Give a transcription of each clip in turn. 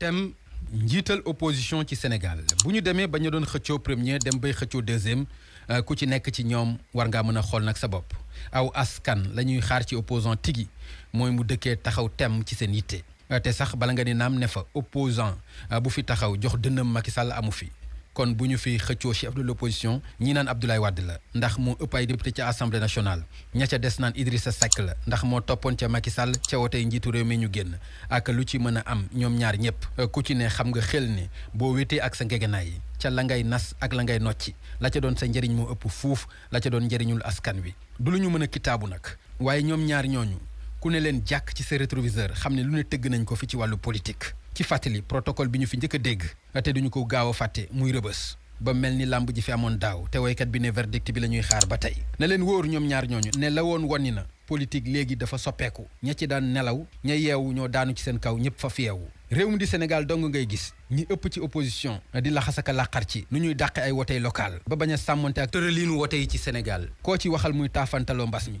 thème njiital opposition ci Sénégal bu ñu demee ba ñu doon xëccoo premier dem bay xëccoo deuxième euh, ku ci nekk ci ñoom war ngaa mën a xool nag sa bopp aw askan la ñuy xaar ci opposant tigi mooy mu dëkkee taxaw temm ci seen yitte euh, te sax bala nga ni naam ne fa opposant euh, bu fi taxaw jox dënnam Macky Sall amu fi kon bu ñu fi xëccoo chef de l'opposition ñi naan Abdoulaye Wade la ndax moo ëpp ay député ca assemblée nationale ña ca des naan sa Seck la ndax moo toppoon ca Macky Sall ca wotey njiitu réew mi ñu génn ak lu ci mën a am ñoom ñaar ñëpp euh, ku ci ne xam nga xel ni boo wéetee ak sa ngegenaay yi ca la ngay nas ak la ngay nocci la ca doon sa njëriñ moo ëpp fuuf la ca doon njëriñul askan wi du lu ñu mën a kitaabu nag waaye ñoom ñaar ñooñu ku ne leen jàkk ci sa rétroviseur xam ne lu tëgg nañ ko fi ci wàllu politique ci fàttali protocole bi ñu fi njëkk a dégg te duñu ko gaaw a fàtte muy rëbës ba mel ni làmb ji fi amoon daaw te woykat bi ne verdict bi la ñuy xaar ba tey na leen wóor ñoom ñaar ñooñu ne la woon wani na politique léegi dafa soppeeku ña ci daan nelaw ña yeewu ñoo daanu ci seen kaw ñëpp fa fi yeewu réew mi di Sénégal dong ngay gis ñi ëpp ci opposition di laxasaka làqar ci nu ñuy dàqe ay wotey local ba bañ a sàmmante ak tëraliinu wote ci Sénégal koo ci waxal muy taafantaloo mbas mi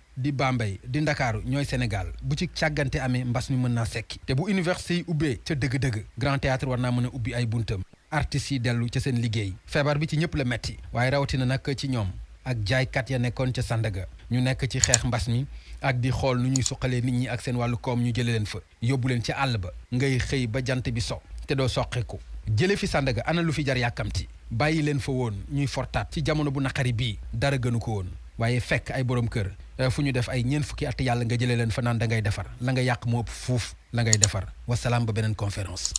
di Bambey di Ndakaaru ñooy Sénégal bu ci càggante amee mbas mi mën naa sekki te bu université yi ubbee ca dëgg-dëgg Grand Théâtre war naa mën a ubbi ay buntam artistes yi dellu ca seen liggéey feebar bi ci ñëpp la metti waaye rawatina nag ci ñoom ak jaaykat ya nekkoon ca Sandaga ñu nekk ci xeex mbas mi ak di xool nu ñuy suqalee nit ñi ak seen wàllu koom ñu jëlee leen fa yóbbu leen ci àll ba ngay xëy ba jant bi so te doo soqeeku jële fi Sandaga ana lu fi jar yàkkamti bàyyi leen fa woon ñuy fortaat ci jamono bu naqari bii dara gënu ko woon waaye fekk ay borom kër Euh, fu ñu def ay ñeent fukki at yàlla nga jëlee leen fa naan defar la nga yàq moo ëpp fuuf la ngay defar wasalaam ba beneen conférence.